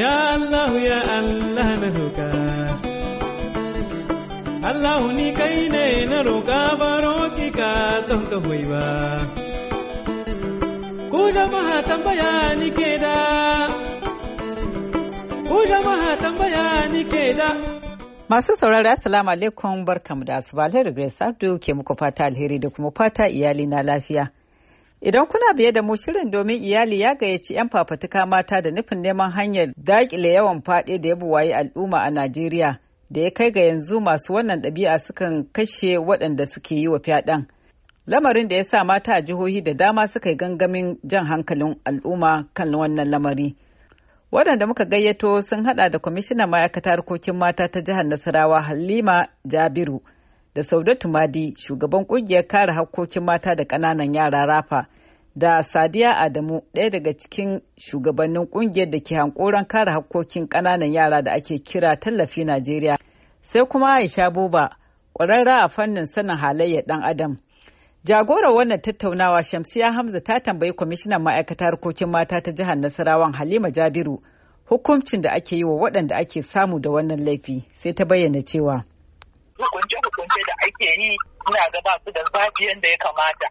Ya Allah ya Allah na roka Allah ni kai ne na roka baro ki ka don ka hoyi ba Ku maha tambaya ni ke da Ku maha tambaya ni ke da Masu saurari Assalamu alaikum barkamu da asuba Alheri Grace Abdul, ke muku fata alheri da kuma fata iyali na lafiya. Idan kuna biye da mu shirin domin iyali ya gayyaci 'yan fafatuka mata da nufin neman hanyar dakile yawan faɗi da ya buwaye al'umma a Najeriya da ya kai ga yanzu masu wannan ɗabi'a sukan kashe waɗanda suke yi wa fyaɗen. Lamarin da ya sa mata a jihohi da dama suka yi gangamin jan hankalin al'umma kan wannan lamari. Waɗanda muka gayyato sun haɗa da kwamishinan ma'aikatar harkokin mata ta jihar Nasarawa Halima Jabiru. da Saudatu Madi shugaban kungiyar kare hakkokin mata da ƙananan yara rafa da Sadiya Adamu ɗaya daga cikin shugabannin kungiyar da ke hankoran kare hakkokin ƙananan yara da ake kira tallafi Najeriya. Sai kuma Aisha Buba ƙwararra a fannin sanin halayyar ɗan Adam. Jagorar wannan tattaunawa Shamsiya Hamza ta tambayi kwamishinan ma'aikatar harkokin mata ta jihar Nasarawan Halima Jabiru hukuncin da ake yi wa waɗanda ake samu da wannan laifi sai ta bayyana cewa. hukunce-hukunce da ake yi ina ga ba su da zafi yadda ya kamata.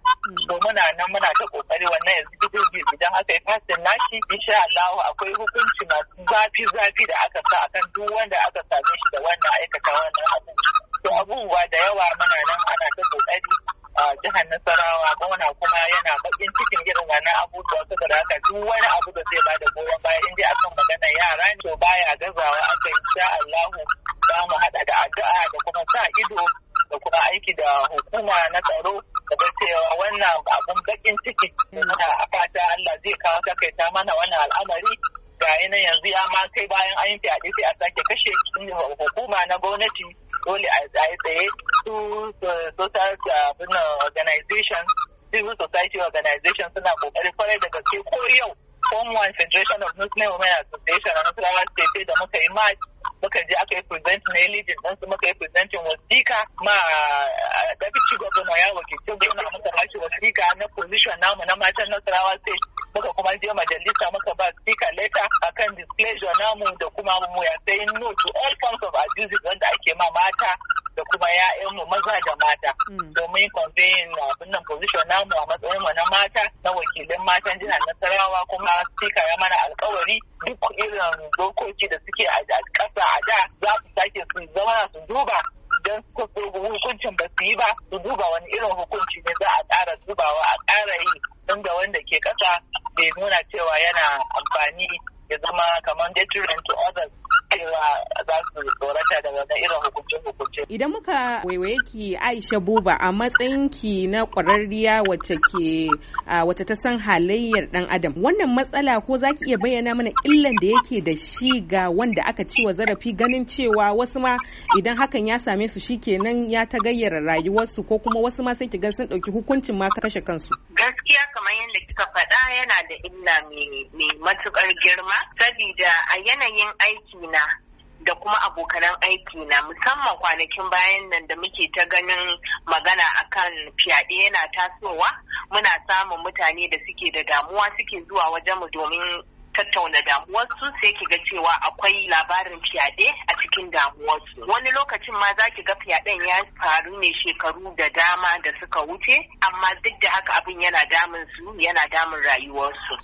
To muna nan muna ta kokari wannan yanzu idan aka yi fasin nashi insha Allah akwai hukunci masu zafi-zafi da aka sa akan duk wanda aka same shi da wannan aikata wannan abin To abubuwa da yawa muna nan ana ta kokari a jihar Nasarawa gwamna kuma yana bakin cikin irin wannan abubuwa saboda haka duk wani abu da zai bada goyon baya In a kan magana yara ne to baya gazawa a kai insha Allah za mu hada da addu'a da kuma sa ido da kuma aiki da hukuma na tsaro da cewa wannan abun bakin ciki muna fata Allah zai kawo takaita mana wannan al'amari ga na yanzu ya ma kai bayan an yi fyaɗe sai a sake kashe hukuma na gwamnati dole a yi tsaye su social organization civil society organization suna kokari kwarai da gaske ko yau Homeland Federation of Muslim Women Association a Nasarawa State da muka yi march muka je aka yi present na religion ɗansu muka yi presenting wasika ma deputy governor ya wakilci gwamna muka bashi wasika na position namu na matan Nasarawa State muka kuma je majalisa maka ba speaker letter akan displeasure namu da kuma mu ya sai no to all forms of abuse wanda ake ma mata da kuma yayan mu maza da mata hmm. domin conveying uh, abin nan position namu a matsayin mu na mata na wakilin matan jihar Nasarawa kuma speaker ya mana alƙawari duk irin dokoki da suke a ƙasa a da za su sake su zama su duba don hukuncin ba su yi ba su duba wani irin hukunci ne za a ƙara dubawa a ƙara yi inda wanda ke ƙasa bai nuna cewa yana amfani ya zama kamar deterrent to others Idan muka waiwaye ki Aisha Buba a matsayin ki na ƙwararriya wacce ke wata ta san halayyar ɗan adam. Wannan matsala ko za ki iya bayyana mana illan da yake da shi ga wanda aka ci wa zarafi ganin cewa wasu ma idan hakan ya same su shi kenan ya ta gayyara rayuwarsu ko kuma wasu ma sai ki ga sun ɗauki hukuncin ma kashe kansu. Gaskiya kamar yadda kika faɗa yana da illa mai matuƙar girma sabida a yanayin aiki na da kuma abokanan aiki na musamman kwanakin bayan nan da muke ta ganin magana akan fyaɗe yana tasowa muna samun mutane da suke da damuwa suke zuwa wajen mu domin tattauna damuwarsu sai ki ga cewa akwai labarin fyaɗe a cikin damuwarsu wani lokacin ma za ki ga fyaɗen ya faru ne shekaru da dama da suka wuce amma duk da haka abin yana damun su yana damun rayuwarsu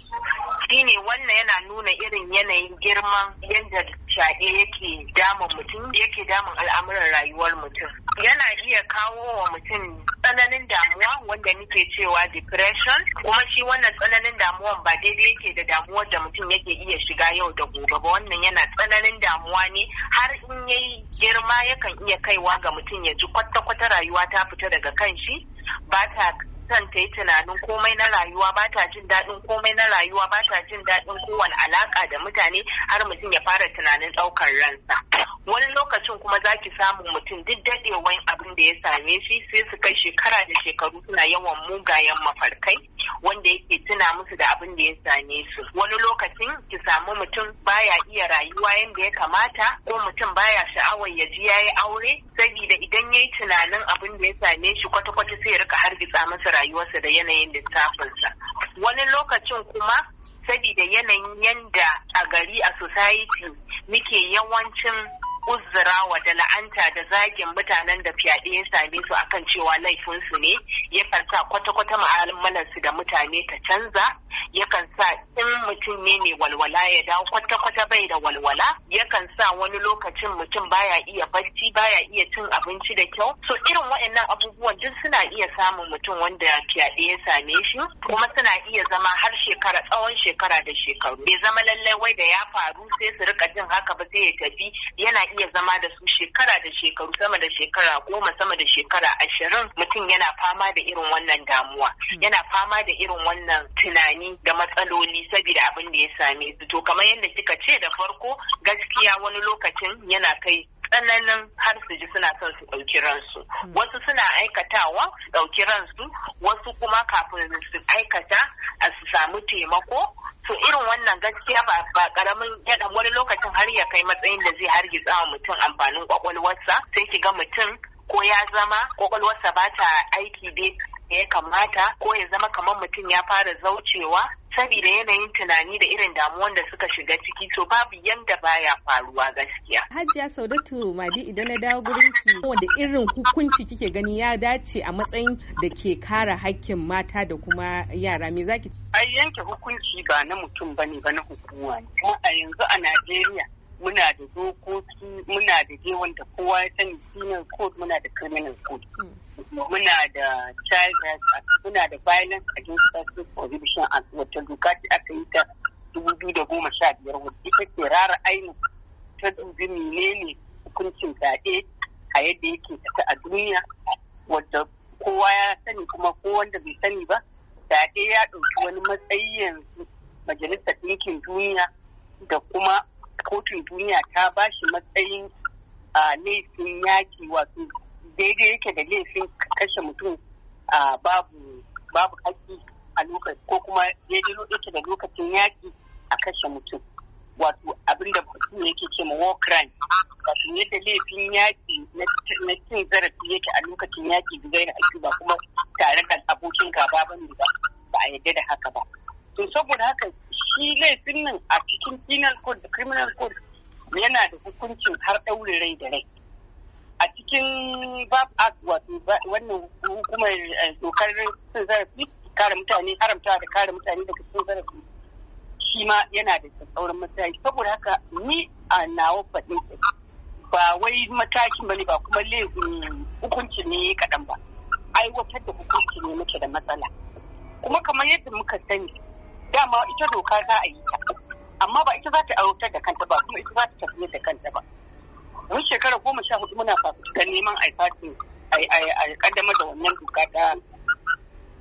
shine wannan yana nuna irin yanayin girman yadda fyaɗe yake damun mutum yake damun al'amuran rayuwar mutum yana iya kawo wa mutum tsananin damuwa wanda nake cewa depression kuma shi wannan tsananin damuwan ba daidai yake da damuwar da mutum yake iya shiga yau da gobe ba wannan yana tsananin damuwa ne har in yayi girma yakan iya kaiwa ga mutum ya ji kwata-kwata rayuwa ta fita daga kan shi ba ta Zan ta yi tunanin komai na rayuwa ba ta jin daɗin komai na rayuwa ba ta jin daɗin kowane alaƙa da mutane har mutum ya fara tunanin ɗaukar ransa wani lokacin kuma za ki samu mutum duk daɗewan abin da ya same shi sai su kai shekara da shekaru suna yawan mugayen mafarkai wanda yake tuna musu da abin da ya same su wani lokacin ki samu mutum baya iya rayuwa yadda ya kamata ko mutum baya sha'awar ya ji yayi aure saboda idan yayi tunanin abin da ya same shi kwata-kwata sai ya rika hargitsa masa rayuwarsa da yanayin lissafinsa wani lokacin kuma sabida yanayin yanda a gari a society muke yawancin uzurawa da la'anta da zagin mutanen da fyaɗe ya same su akan cewa laifinsu ne ya farta kwata-kwata ma'amalarsu da mutane ta canza yakan sa in mutum ne mai walwala ya dawo kwata-kwata bai da walwala yakan sa wani lokacin mutum baya iya bacci baya iya cin abinci da kyau so irin waɗannan abubuwan duk suna iya samun mutum wanda fyaɗe ya same shi kuma suna iya zama har shekara tsawon shekara da shekaru bai zama lallai wai da ya faru sai su rika jin haka ba sai ya tafi yana iya zama da su shekara da shekaru sama da shekara goma sama da shekara ashirin mutum yana fama da irin wannan damuwa yana fama da irin wannan tunani amfani da matsaloli saboda abin da ya same su to kamar yadda kika ce da farko gaskiya wani lokacin yana kai tsananin har su ji suna son su ɗauki ransu hmm. wasu suna aikatawa su ɗauki ransu wasu kuma kafin su aikata a su samu taimako to irin wannan gaskiya ba karamin yadan wani lokacin har ya kai matsayin da zai hargitsa wa mutum amfanin kwakwalwarsa sai ki ga mutum ko ya zama kwakwalwarsa ba ta aiki dai ya kamata ko ya zama kamar mutum ya fara zaucewa saboda yanayin tunani da irin damuwan da suka shiga ciki to babu yanda baya faruwa gaskiya. Hajiya Saudatu Madi idan na dawo gurin ki wanda irin hukunci kike gani ya dace a matsayin da ke kare hakkin mata da kuma yara me zaki? Ai yanke hukunci ba na mutum bane ba na hukuma ne. A yanzu a Najeriya muna da dokoki muna da je da kowa ya sani criminal code muna da criminal code hmm. muna da child rights muna da violence against sexual prohibition act wata doka ce aka yi ta dubu biyu da goma sha biyar wadda ita ke rara aini ta dubi menene hukuncin zaɓe a yadda yake ta a duniya wadda kowa ya sani kuma ko wanda bai sani ba zaɓe ya ɗauki wani matsayi yanzu majalisar ɗinkin duniya da kuma kotun duniya ta bashi matsayin matsayin laifin yaƙi wato daidai yake da laifin kashe mutum babu babu haƙƙi a lokaci ko kuma daidai yake da lokacin yaƙi a kashe mutum wato abin da mutum yake ce ma war crime wato yadda laifin yaƙi na cin zarafi yake a lokacin yaƙi da gaira ake ba kuma tare da abokin gaba ba ne ba ba a yadda da haka ba to saboda haka shi laifin nan a cikin penal code da criminal code yana da hukuncin har ɗaure rai da rai a cikin bab Act wato wannan hukumar eh, dokar cin zarafi kare mutane haramta da kare mutane daga cin zarafi shi ma yana da tsauran mataki saboda haka ni a nawa faɗin ba wai matakin bane ba kuma laifin hukunci ne kaɗan ba aiwatar da hukunci ne muke da matsala kuma kamar yadda muka sani dama ita doka za a yi ta amma ba ita za ta aiwatar da kanta ba kuma ita za ta tafiyar da kanta ba mun shekara goma sha hudu muna fafutukan neman a fatin a kaddamar da wannan doka ta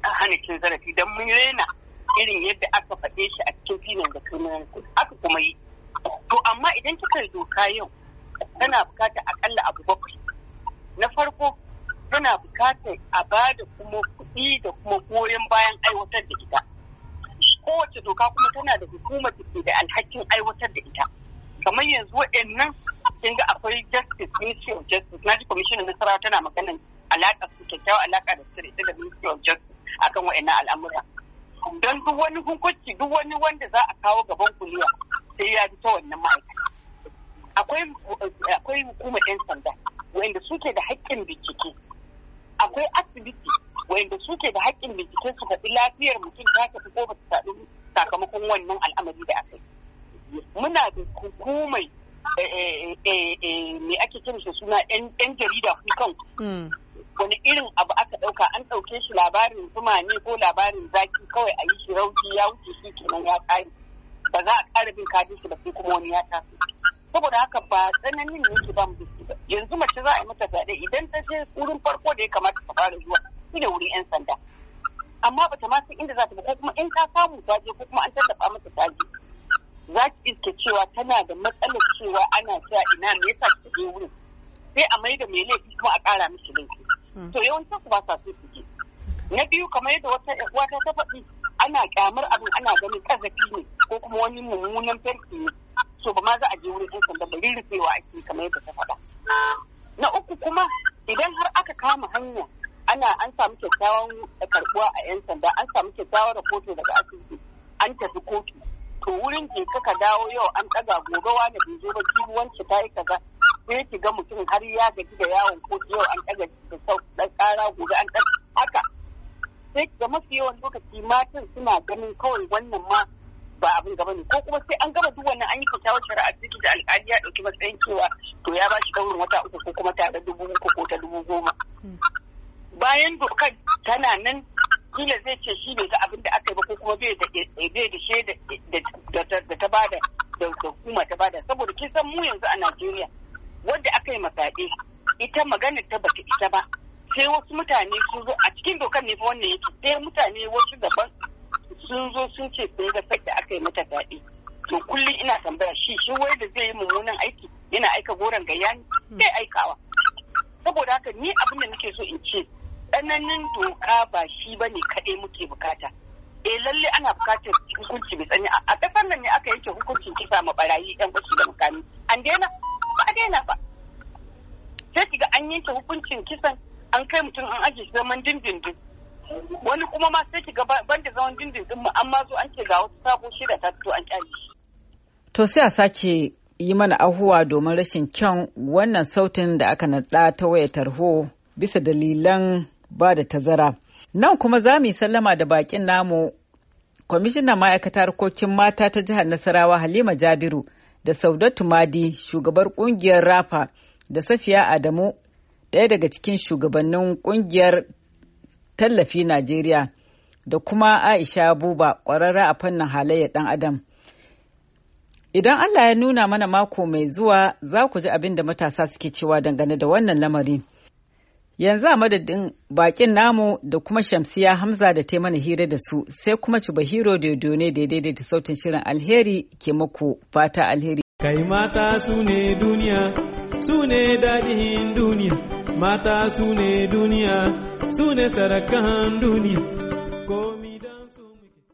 hana cin zarafi don mun rena irin yadda aka faɗe shi a cikin filin da sunan aka kuma yi to amma idan kika yi doka yau tana bukata akalla abu bakwai na farko tana bukatar a ba da kuma kuɗi da kuma goyon bayan aiwatar da ita kowace doka kuma tana da hukumar da ke da alhakin aiwatar da ita kamar yanzu waɗannan kin ga akwai justice ministry of justice na ji commission nasarawa tana magana alaka su kyakkyawa alaka da su da ministry of justice akan wa'annan al'amura don duk wani hukunci duk wani wanda za a kawo gaban kuliya sai ya ji ta wannan ma'aikata akwai hukumar 'yan sanda wanda suke da haƙƙin bincike akwai asibiti wanda suke da haƙƙin bincike su faɗi lafiyar mutum ta tafi ko ba ta sakamakon wannan al'amari da aka yi muna da hukumai Eh, eh, eh, me ake kira shi suna yan jarida ku hmm. wani irin abu aka dauka an dauke shi labarin zuma ne ko labarin zaki kawai a yi shi rauki ya wuce shi kenan ya kare ba za a kara bin kadin shi ba sai kuma wani ya tafi saboda haka ba tsananin ne yake ba mu ba yanzu mace za a yi mata zaɓe idan ta je wurin farko da ya kamata ta fara zuwa ne wurin yan sanda amma bata ma san inda za ta ba ko kuma in ta samu ta je ko kuma an tallafa mata ta je za ki iske cewa tana da matsalar cewa ana cewa ina me yasa ta je wurin sai a mai da mai laifi kuma a kara miki laifi hmm. to yawancin su ba sa so su je na biyu kamar yadda wata uwa ta faɗi ana kyamar abin ana ganin ƙazafi ne ko kuma wani mummunan farki ne so ba ma za a je wurin ɗan sanda ba rurrufewa ake kamar yadda ta faɗa na uku kuma idan har aka kama hanya ana an samu kyakkyawan karbuwa a 'yan sanda an samu kyakkyawan rahoto daga asibiti an tafi kotu to wurin je ka dawo yau an ɗaga gobe wani bai zo ba kiwuwanci ta yi kaza sai ki ga mutum har ya gaji da yawon ko yau an ɗaga da sau ɗan ƙara gobe an ɗaga haka sai ga mafi yawan lokaci matan suna ganin kawai wannan ma ba abin gaba ne ko kuma sai an gama duk wannan an yi kyakkyawar shari'a ciki da alƙali ya ɗauki matsayin cewa to ya ba shi ɗaurin wata uku ko kuma tare dubu uku ko ta dubu goma. Hmm. Bayan dokar tana nan kila zai ce shi ne ga abin da aka yi ba ko kuma bai da shaida da ta bada da hukuma ta bada saboda kin san mu yanzu a Najeriya wadda aka yi masaɗe ita magana ta bata ita ba sai wasu mutane sun zo a cikin dokar ne fa wannan yake sai mutane wasu daban sun zo sun ce sun ga sai da aka yi mata fyaɗe to kullum ina tambaya shi shi wai da zai yi mummunan aiki yana aika goron gayya ne sai aikawa saboda haka ni abin da nake so in ce tsananin doka ba shi ba ne kaɗai muke bukata e lalle ana bukatar hukunci mai tsanani a ƙasar nan ne aka yanke hukuncin kisa ma barayi yan wasu da mukami an daina ba a daina ba sai kiga an yanke hukuncin kisan an kai mutum an ajiye zaman dindindin wani kuma ma sai ban banda zaman dindindin mu amma zo an ce ga wasu sabo shida ta fito an kyale shi to sai a sake yi mana ahuwa domin rashin kyan wannan sautin da aka naɗa ta wayar tarho bisa dalilan ba da tazara. Nan kuma za mu yi sallama da bakin namu kwamishinan ma'aikatar harkokin mata ta jihar Nasarawa Halima Jabiru da Saudatu Madi shugabar kungiyar Rafa da Safiya Adamu ɗaya daga cikin shugabannin kungiyar tallafi Najeriya da kuma Aisha Buba ƙwararra a fannin halayyar ɗan Adam. Idan Allah ya nuna mana mako mai zuwa za ku ji abin da matasa suke cewa dangane da wannan lamari. Yanzu a madadin bakin namu da kuma Shamsiya Hamza da ta mana hira da su sai kuma bahiro da ne da ta sautin shirin alheri ke muku fata alheri. Kai mata su ne duniya, su ne daɗin duniya, mata su ne duniya, su ne sarakan duniya.